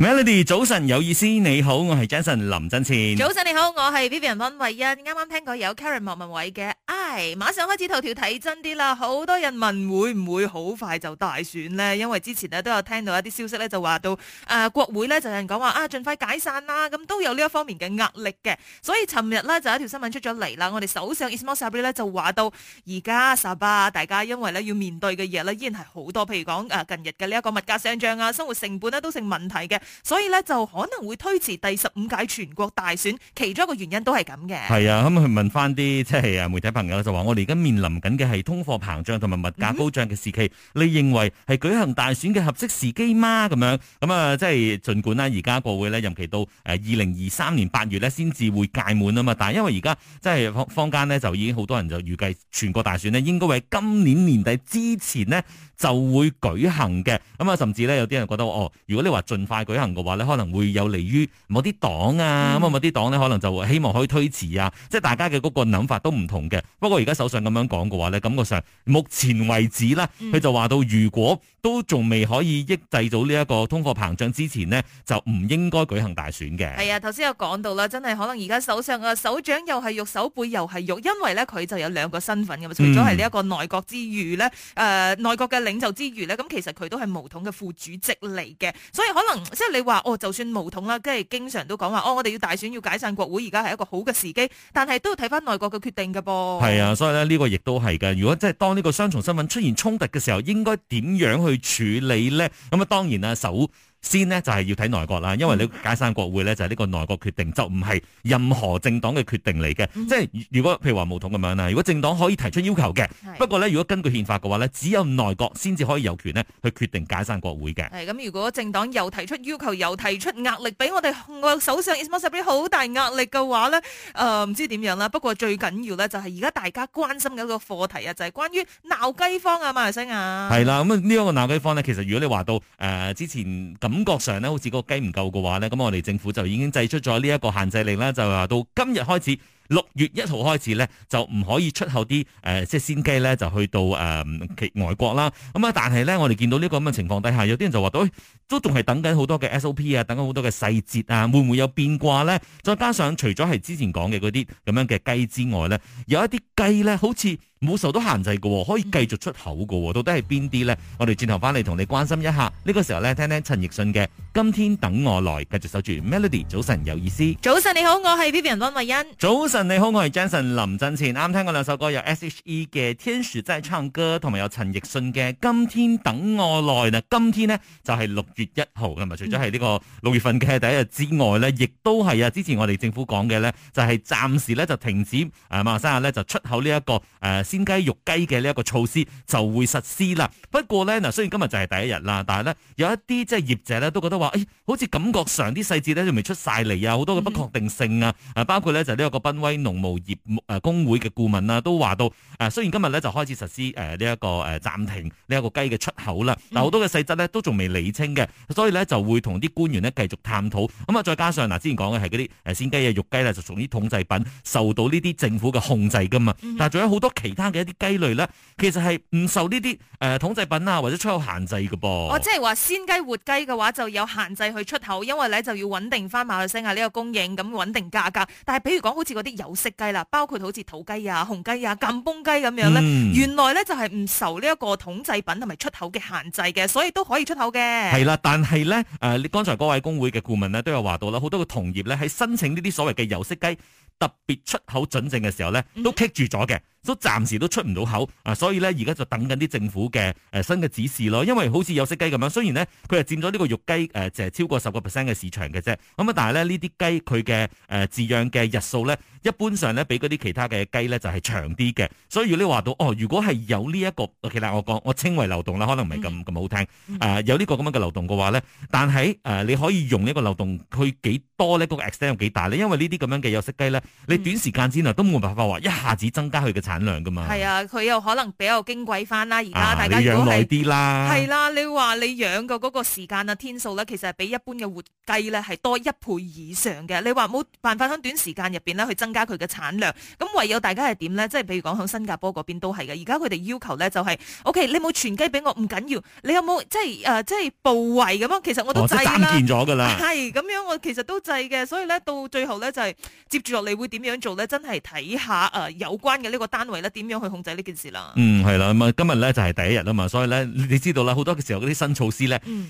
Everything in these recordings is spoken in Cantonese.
Melody，早晨有意思，你好，我係 Jason 林振前。早晨你好，我係 Vivian 溫慧欣。啱啱聽過有 Karen 莫文蔚嘅唉，馬上開始頭條睇真啲啦。好多人問會唔會好快就大選呢？因為之前呢都有聽到一啲消息咧，就話到誒、呃、國會咧就有人講話啊盡快解散啦，咁、嗯、都有呢一方面嘅壓力嘅。所以尋日呢就有一條新聞出咗嚟啦，我哋首相 Ismail Sabri 咧就話到而家沙巴，大家因為咧要面對嘅嘢呢，依然係好多，譬如講、呃、近日嘅呢一個物價上漲啊，生活成本呢都成問題嘅。所以咧，就可能會推遲第十五屆全國大選，其中一個原因都係咁嘅。係啊，咁啊去問翻啲即係啊媒體朋友就話，我哋而家面臨緊嘅係通貨膨脹同埋物價高漲嘅時期，嗯，你認為係舉行大選嘅合適時機嗎？咁樣咁啊，嗯，即係儘管啦。而家國會呢，任期到誒二零二三年八月呢，先至會屆滿啊嘛，但係因為而家即係坊間咧，就已經好多人就預計全國大選咧應該係今年年底之前呢就會舉行嘅。咁啊，甚至呢，有啲人覺得哦，如果你話儘快舉行行嘅話咧，可能會有利於某啲黨啊，咁、嗯、啊，某啲黨呢，可能就會希望可以推遲啊，即、就、係、是、大家嘅嗰個諗法都唔同嘅。不過而家首相咁樣講嘅話咧，感覺上目前為止呢，佢、嗯、就話到，如果都仲未可以抑制到呢一個通貨膨脹之前呢，就唔應該舉行大選嘅。係啊，頭先有講到啦，真係可能而家首相啊，手掌又係肉，手背又係肉，因為呢，佢就有兩個身份嘅嘛，除咗係呢一個內閣之馀呢，誒、嗯呃，內閣嘅領袖之馀呢，咁其實佢都係巫統嘅副主席嚟嘅，所以可能你話哦，就算無統啦，即係經常都講話哦，我哋要大選要解散國會，而家係一個好嘅時機，但係都要睇翻內閣嘅決定噶噃。係啊，所以咧呢個亦都係噶。如果真係當呢個雙重身份出現衝突嘅時候，應該點樣去處理咧？咁啊，當然啦，首。先呢就係要睇內閣啦，因為你解散國會咧就係呢個內閣決定，就唔係任何政黨嘅決定嚟嘅。即係如果譬如話巫統咁樣啦，如果政黨可以提出要求嘅，不過咧如果根據憲法嘅話咧，只有內閣先至可以有權呢去決定解散國會嘅。係咁，如果政黨又提出要求，又提出壓力俾我哋我首相伊斯邁沙比里好大壓力嘅話咧，誒、呃、唔知點樣啦。不過最緊要咧就係而家大家關心嘅一個課題啊，就係、是、關於鬧雞荒啊，馬來西亞。係啦，咁呢一個鬧雞荒咧，其實如果你話到誒、呃、之前。感覺上咧，好似嗰個雞唔夠嘅話咧，咁我哋政府就已經制出咗呢一個限制令啦，就話到今日開始，六月一號開始咧，就唔可以出口啲誒、呃，即係鮮雞咧，就去到誒、呃、外國啦。咁啊，但係咧，我哋見到呢個咁嘅情況底下，有啲人就話到、哎，都仲係等緊好多嘅 SOP 啊，等緊好多嘅細節啊，會唔會有變卦咧？再加上除咗係之前講嘅嗰啲咁樣嘅雞之外咧，有一啲雞咧，好似。冇受到限制喎、哦，可以繼續出口喎、哦嗯。到底係邊啲呢？我哋轉頭翻嚟同你關心一下。呢、這個時候呢，聽聽陳奕迅嘅《今天等我來》，繼續守住 Melody。早晨有意思。早晨你好，我係 Vivian 溫慧欣。早晨你好，我係 Jenson 林俊前，啱聽聽過兩首歌，有 S.H.E 嘅《天使》，真係唱歌，同埋有陳奕迅嘅《今天等我來》。嗱，今天呢，就係、是、六月一號，咁、嗯、咪？除咗係呢個六月份嘅第一日之外呢，亦都係啊。之前我哋政府講嘅呢，就係、是、暫時呢就停止誒、呃、馬來西亞就出口呢、這、一個誒。呃鮮雞、肉雞嘅呢一個措施就會實施啦。不過咧，嗱雖然今日就係第一日啦，但係咧有一啲即係業者咧都覺得話，誒、哎，好似感覺上啲細節咧仲未出晒嚟啊，好多嘅不確定性啊。包括咧就呢、是、一個賓威農務業誒工會嘅顧問啊，都話到誒、啊，雖然今日咧就開始實施誒呢一個誒暫停呢一個雞嘅出口啦，但好多嘅細則咧都仲未理清嘅，所以咧就會同啲官員咧繼續探討。咁啊，再加上嗱、啊、之前講嘅係嗰啲誒鮮雞啊、肉雞咧，就屬於統制品受到呢啲政府嘅控制噶嘛，但係仲有好多其。其他嘅一啲雞類咧，其實係唔受呢啲誒統制品啊或者出口限制嘅噃。哦，即係話鮮雞活雞嘅話就有限制去出口，因為咧就要穩定翻馬來西亞呢個供應，咁穩定價格。但係比如講好似嗰啲有色雞啦，包括好似土雞啊、紅雞啊、甘榜雞咁樣咧，原來咧就係唔受呢一個統制品同埋出口嘅限制嘅，所以都可以出口嘅。係啦，但係咧誒，你剛才嗰位工會嘅顧問咧都有話到啦，好多個同業咧喺申請呢啲所謂嘅有色雞特別出口準證嘅時候咧，都棘住咗嘅。都以暫時都出唔到口啊！所以咧，而家就等緊啲政府嘅誒、呃、新嘅指示咯。因為好似有色雞咁樣，雖然呢，佢係佔咗呢個肉雞誒，就、呃、係超過十個 percent 嘅市場嘅啫。咁啊，但係咧呢啲雞佢嘅誒飼養嘅日數咧，一般上咧比嗰啲其他嘅雞咧就係長啲嘅。所以如你話到哦，如果係有呢、這、一個，其實我講我稱為漏洞啦，可能唔係咁咁好聽。誒、嗯嗯呃，有呢個咁樣嘅漏洞嘅話咧，但係誒、呃、你可以用呢個漏洞去幾多咧？嗰、那個 extent 有幾大咧？因為這這呢啲咁樣嘅有色雞咧，你短時間之內都冇辦法話一下子增加佢嘅。產量噶嘛？係啊，佢又可能比較矜貴翻啦。而家大家養耐啲、啊、啦，係啦，你話你養個嗰個時間啊天數咧，其實係比一般嘅活雞咧係多一倍以上嘅。你話冇辦法響短時間入邊咧去增加佢嘅產量，咁唯有大家係點咧？即係譬如講響新加坡嗰邊都係嘅。而家佢哋要求咧就係、是、OK，你冇全雞俾我，唔緊要，你有冇即係誒、呃、即係部位咁啊？其實我都制啦。斬件咗㗎啦。係咁樣，我其實都制嘅，所以咧到最後咧就係接住落嚟會點樣做咧？真係睇下誒有關嘅呢個單範圍咧點樣去控制呢件事啦？嗯，係啦，咁啊今日咧就係第一日啦嘛，所以咧你知道啦，好多嘅時候嗰啲新措施咧。嗯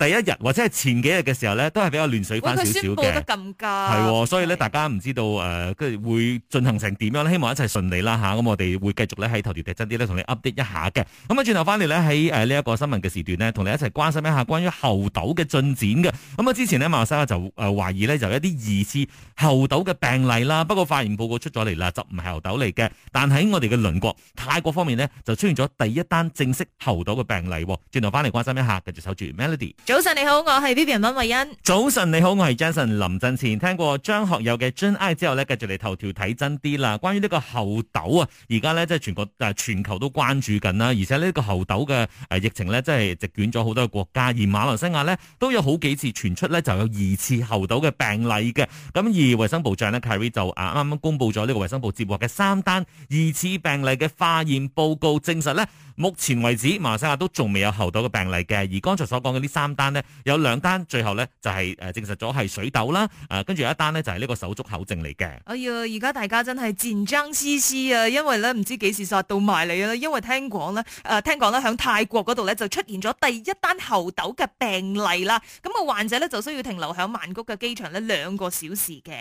第一日或者係前幾日嘅時候咧，都係比較亂水翻少少嘅。得咁加係喎，所以咧大家唔知道誒，跟、呃、住會進行成點樣呢？希望一齊順利啦嚇。咁、啊啊、我哋會繼續咧喺頭條地真啲咧，同你 update 一下嘅。咁、嗯、啊，轉頭翻嚟咧喺誒呢一個新聞嘅時段咧，同你一齊關心一下關於猴痘嘅進展嘅。咁、嗯、啊，之前呢，馬來西亞就誒、呃、懷疑咧就有一啲疑似猴痘嘅病例啦，不過化驗報告出咗嚟啦，就唔係猴痘嚟嘅。但喺我哋嘅鄰國泰國方面呢，就出現咗第一單正式猴痘嘅病例。哦、轉頭翻嚟關心一下，繼續守住 Melody。早晨你好，我係 Vivian 文慧欣。早晨你好，我係 Jason 林振前。聽過張學友嘅《真愛》之後呢，繼續嚟頭條睇真啲啦。關於這個呢個猴痘啊，而家呢，即係全國誒全球都關注緊啦。而且呢個猴痘嘅誒疫情呢，真係席捲咗好多國家，而馬來西亞呢，都有好幾次傳出呢就有疑似猴痘嘅病例嘅。咁而衛生部長呢 Khairy 就啊啱啱公布咗呢個衛生部接獲嘅三單疑似病例嘅化驗報告，證實呢目前為止馬來西亞都仲未有猴痘嘅病例嘅。而剛才所講嘅呢三。有兩單，最後呢，就係誒證實咗係水痘啦，跟住有一單呢，就係呢個手足口症嚟嘅。哎呀，而家大家真係戰爭師師啊！因為咧唔知幾時殺到埋嚟啊。因為聽講咧誒聽講咧喺泰國嗰度咧就出現咗第一單猴痘嘅病例啦。咁個患者呢，就需要停留喺曼谷嘅機場呢兩個小時嘅。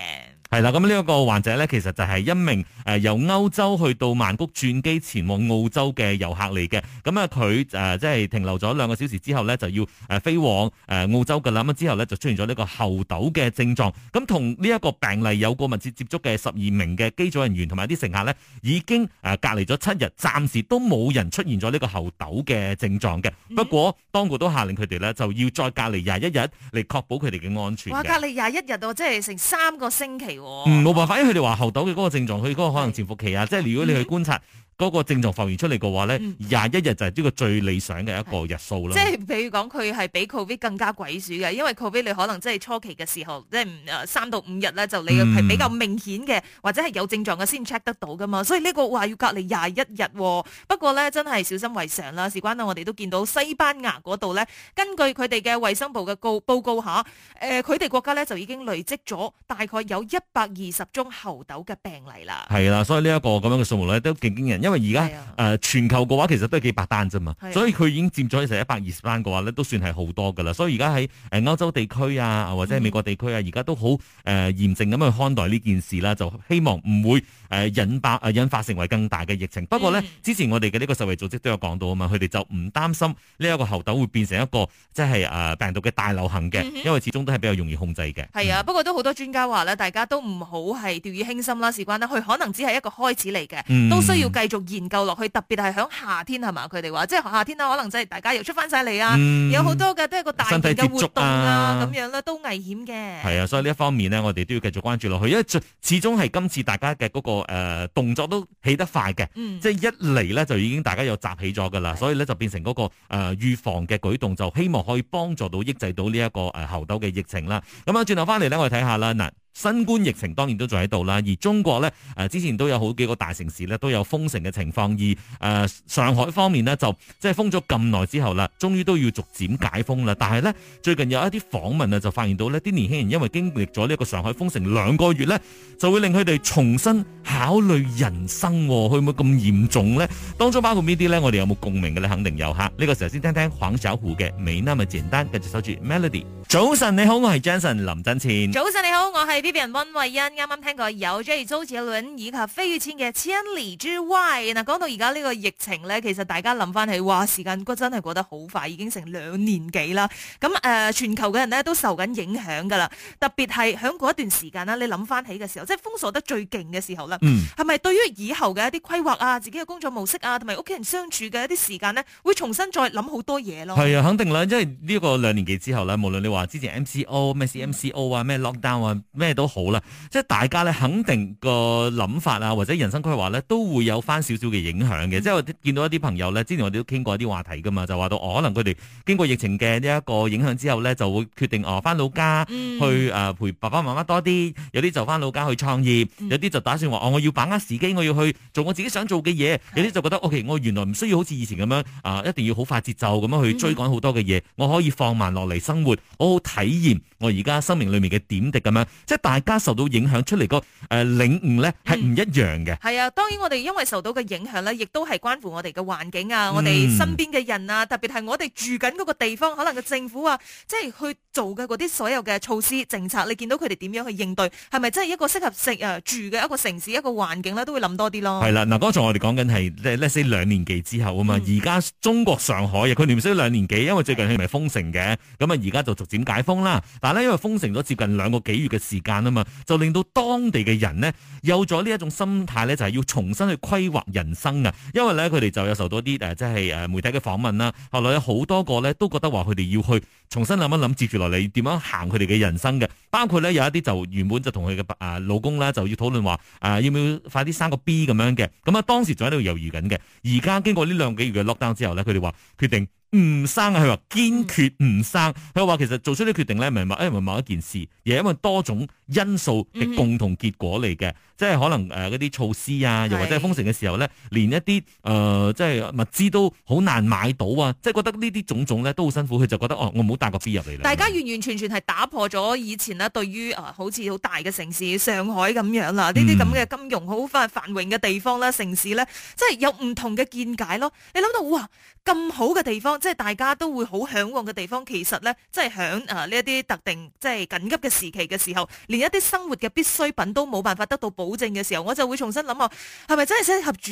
係啦，咁呢一個患者呢，其實就係一名由歐洲去到曼谷轉機前往澳洲嘅遊客嚟嘅。咁啊佢即係停留咗兩個小時之後呢，就要誒飛往，往誒澳洲噶啦，咁之後咧就出現咗呢個猴痘嘅症狀，咁同呢一個病例有過密切接觸嘅十二名嘅機組人員同埋啲乘客呢，已經誒隔離咗七日，暫時都冇人出現咗呢個猴痘嘅症狀嘅。不過當局都下令佢哋咧就要再隔離廿一日嚟確保佢哋嘅安全。哇，隔離廿一日到，即係成三個星期喎，哦。冇辦法，因為佢哋話猴痘嘅嗰個症狀，佢嗰個可能潛伏期啊，即係如果你去觀察。嗯嗰、那個症狀浮現出嚟嘅話咧，廿、嗯、一日就係呢個最理想嘅一個日數啦。即係譬如講，佢係比 Covid 更加鬼鼠嘅，因為 Covid 你可能真係初期嘅時候，即係唔三到五日咧就你係比較明顯嘅、嗯，或者係有症狀嘅先 check 得到噶嘛。所以呢個話要隔離廿一日、哦。不過咧，真係小心為上啦。事關我哋都見到西班牙嗰度咧，根據佢哋嘅衛生部嘅高報告下佢哋國家咧就已經累積咗大概有一百二十宗猴痘嘅病例啦。係啦，所以呢一個咁樣嘅數目咧都勁驚人一。因為而家誒全球嘅話其實都係幾百單啫嘛，啊，所以佢已經佔咗成一百二十單嘅話咧，都算係好多噶啦。所以而家喺誒歐洲地區啊，或者係美國地區啊，而、嗯、家都好誒嚴正咁去看待呢件事啦。就希望唔會誒、呃、引發引發成為更大嘅疫情。不過咧、嗯，之前我哋嘅呢個世衛組織都有講到啊嘛，佢哋就唔擔心呢一個猴痘會變成一個即係誒、呃、病毒嘅大流行嘅，因為始終都係比較容易控制嘅。係啊、嗯，不過都好多專家話咧，大家都唔好係掉以輕心啦。事關呢，佢可能只係一個開始嚟嘅，嗯，都需要繼續研究落去，特別係喺夏天係嘛？佢哋話，即係夏天啦，可能即係大家又出翻晒嚟啊，有好多嘅都係個大型嘅活動啊，咁樣啦，都危險嘅。係啊，所以呢一方面咧，我哋都要繼續關注落去，因為始終係今次大家嘅嗰、那個誒、呃、動作都起得快嘅、嗯，即係一嚟咧就已經大家又集起咗噶啦，所以咧就變成嗰、那個誒、呃、預防嘅舉動，就希望可以幫助到抑制到呢、這、一個誒猴痘嘅疫情啦。咁樣轉頭翻嚟咧，我哋睇下啦嗱。新冠疫情當然都仲喺度啦，而中國呢，誒、呃、之前都有好幾個大城市呢都有封城嘅情況，而誒、呃、上海方面呢，就即係封咗咁耐之後啦，終於都要逐漸解封啦。但係呢，最近有一啲訪問啊，就發現到呢啲年輕人因為經歷咗呢個個上海封城兩個月呢，就會令佢哋重新考慮人生、哦，會唔會咁嚴重呢？當中包括呢啲呢，我哋有冇共鳴嘅呢？肯定有吓。呢、這個時候先聽聽黃小琥嘅《沒那麼簡單》，繼續守住 Melody。早晨你好，我係 Jason 林振前。早晨你好，我係。呢邊温慧欣啱啱聽過有 j 意周杰倫以及費玉清嘅《千里之外》。講到而家呢個疫情咧，其實大家諗翻起哇時間真係過得好快，已經成了兩年幾啦。咁、呃、誒，全球嘅人咧都受緊影響噶啦。特別係響嗰一段時間啦，你諗翻起嘅時候，即係封鎖得最勁嘅時候啦，係、嗯、咪對於以後嘅一啲規劃啊、自己嘅工作模式啊、同埋屋企人相處嘅一啲時間咧，會重新再諗好多嘢咯。係啊，肯定啦，因為呢個兩年幾之後咧，無論你話之前 MCO 咩 CMCO 啊，咩 lockdown 啊，咩。都好啦，即係大家咧，肯定個諗法啊，或者人生規劃咧，都會有翻少少嘅影響嘅、嗯。即係我見到一啲朋友咧，之前我哋都傾過一啲話題噶嘛，就話到可能佢哋經過疫情嘅呢一個影響之後咧，就會決定哦，翻老家去誒陪爸爸媽媽多啲、嗯。有啲就翻老家去創業，嗯、有啲就打算話哦，我要把握時機，我要去做我自己想做嘅嘢。有啲就覺得，OK，我原來唔需要好似以前咁樣啊，一定要好快節奏咁樣去追趕好多嘅嘢、嗯，我可以放慢落嚟生活，好好體驗我而家生命裏面嘅點滴咁樣。即係。大家受到影響出嚟個誒領悟咧，係唔一樣嘅。係、嗯、啊，當然我哋因為受到嘅影響咧，亦都係關乎我哋嘅環境啊，嗯、我哋身邊嘅人啊，特別係我哋住緊嗰個地方，可能個政府啊，即係去做嘅嗰啲所有嘅措施政策，你見到佢哋點樣去應對，係咪真係一個適合食啊住嘅一個城市一個環境咧、啊，都會諗多啲咯。係啦，嗱，剛才我哋講緊係 let's say 兩年幾之後啊嘛，而、嗯、家中國上海佢哋唔需要兩年幾，因為最近係咪封城嘅，咁啊而家就逐漸解封啦。但係咧，因為封城咗接近兩個幾月嘅時間。啊嘛，就令到當地嘅人呢，有咗呢一種心態呢，就係要重新去規劃人生啊！因為呢，佢哋就有受到啲誒，即係誒媒體嘅訪問啦。後來有好多個呢，都覺得話，佢哋要去重新諗一諗，接住落嚟點樣行佢哋嘅人生嘅。包括呢，有一啲就原本就同佢嘅老公呢，就要討論話啊，要唔要快啲生個 B 咁樣嘅。咁啊，當時仲喺度猶豫緊嘅。而家經過呢兩幾月嘅 lockdown 之後呢，佢哋話決定。唔生啊！佢話堅決唔生。佢、嗯、話其實做出啲決定咧，唔係某，誒唔係某一件事，而係因為多種因素嘅共同結果嚟嘅、嗯。即係可能誒嗰啲措施啊，又或者封城嘅時候咧，連一啲誒、呃、即係物資都好難買到啊！即係覺得呢啲種種咧都好辛苦，佢就覺得哦，我唔好帶個 B 入嚟啦。大家完完全全係打破咗以前呢對於啊好似好大嘅城市上海咁樣啦，呢啲咁嘅金融好繁繁榮嘅地方啦、嗯、城市咧，即係有唔同嘅見解咯。你諗到哇，咁好嘅地方！即係大家都會好向往嘅地方，其實咧，即係響誒呢一啲特定即係緊急嘅時期嘅時候，連一啲生活嘅必需品都冇辦法得到保證嘅時候，我就會重新諗下，係咪真係適合住？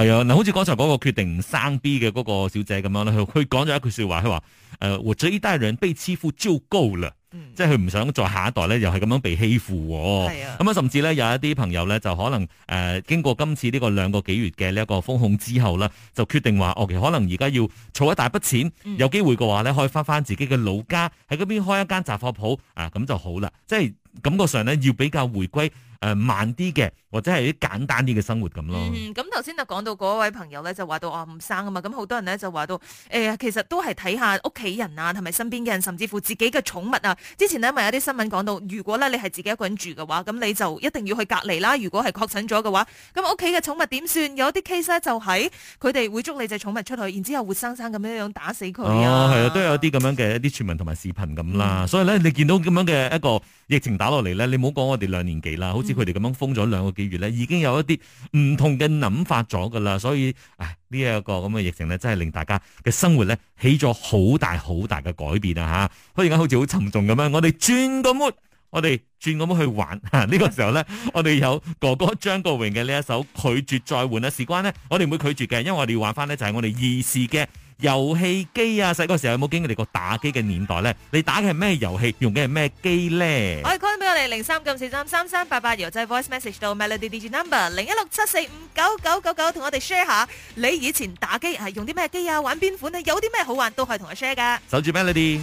係啊，嗱，好似剛才嗰個決定生 B 嘅嗰個小姐咁樣咧，佢講咗一句說話，佢話：誒、呃，我這一代人被欺負就夠了。即係佢唔想再下一代咧，又係咁樣被欺負。係啊，咁啊，甚至咧有一啲朋友咧，就可能誒、呃，經過今次呢個兩個幾月嘅呢一個封控之後呢，就決定話，哦，其實可能而家要儲一大筆錢，有機會嘅話咧，可以翻翻自己嘅老家，喺嗰邊開一間雜貨鋪啊，咁就好啦，即係。感覺上呢，要比較回歸誒、呃、慢啲嘅，或者係啲簡單啲嘅生活咁咯。咁頭先就講到嗰位朋友呢，就話到啊唔生啊嘛，咁好多人呢，就話到誒其實都係睇下屋企人啊，同埋身邊嘅人，甚至乎自己嘅寵物啊。之前呢，咪有啲新聞講到，如果呢你係自己一個人住嘅話，咁你就一定要去隔離啦。如果係確診咗嘅話，咁屋企嘅寵物點算？有啲 case 咧就係佢哋會捉你隻寵物出去，然後之後活生生咁樣樣打死佢啊。係、哦、啊，都有啲咁樣嘅一啲傳聞同埋視頻咁啦、嗯。所以呢，你見到咁樣嘅一個疫情。打落嚟咧，你唔好講我哋兩年幾啦，好似佢哋咁樣封咗兩個幾月咧，已經有一啲唔同嘅諗法咗噶啦，所以，唉，呢一個咁嘅疫情咧，真係令大家嘅生活咧起咗好大好大嘅改變啊吓！佢而家好似好沉重咁樣，我哋轉個 mood，我哋轉咁去玩吓。呢個時候咧，我哋有哥哥張國榮嘅呢一首拒絕再換啊，事關呢，我哋唔會拒絕嘅，因為我哋要玩翻咧，就係我哋意事嘅。遊戲機啊，細個時候有冇經歷過打機嘅年代咧？你打嘅係咩遊戲，用嘅係咩機咧？我哋 call 翻俾我哋零三九四三三三八八，由制 voice message 到 melody digit number 零一六七四五九九九九，同我哋 share 下你以前打機係用啲咩機啊？玩邊款啊？有啲咩好玩都可以同我 share 噶。守住 melody。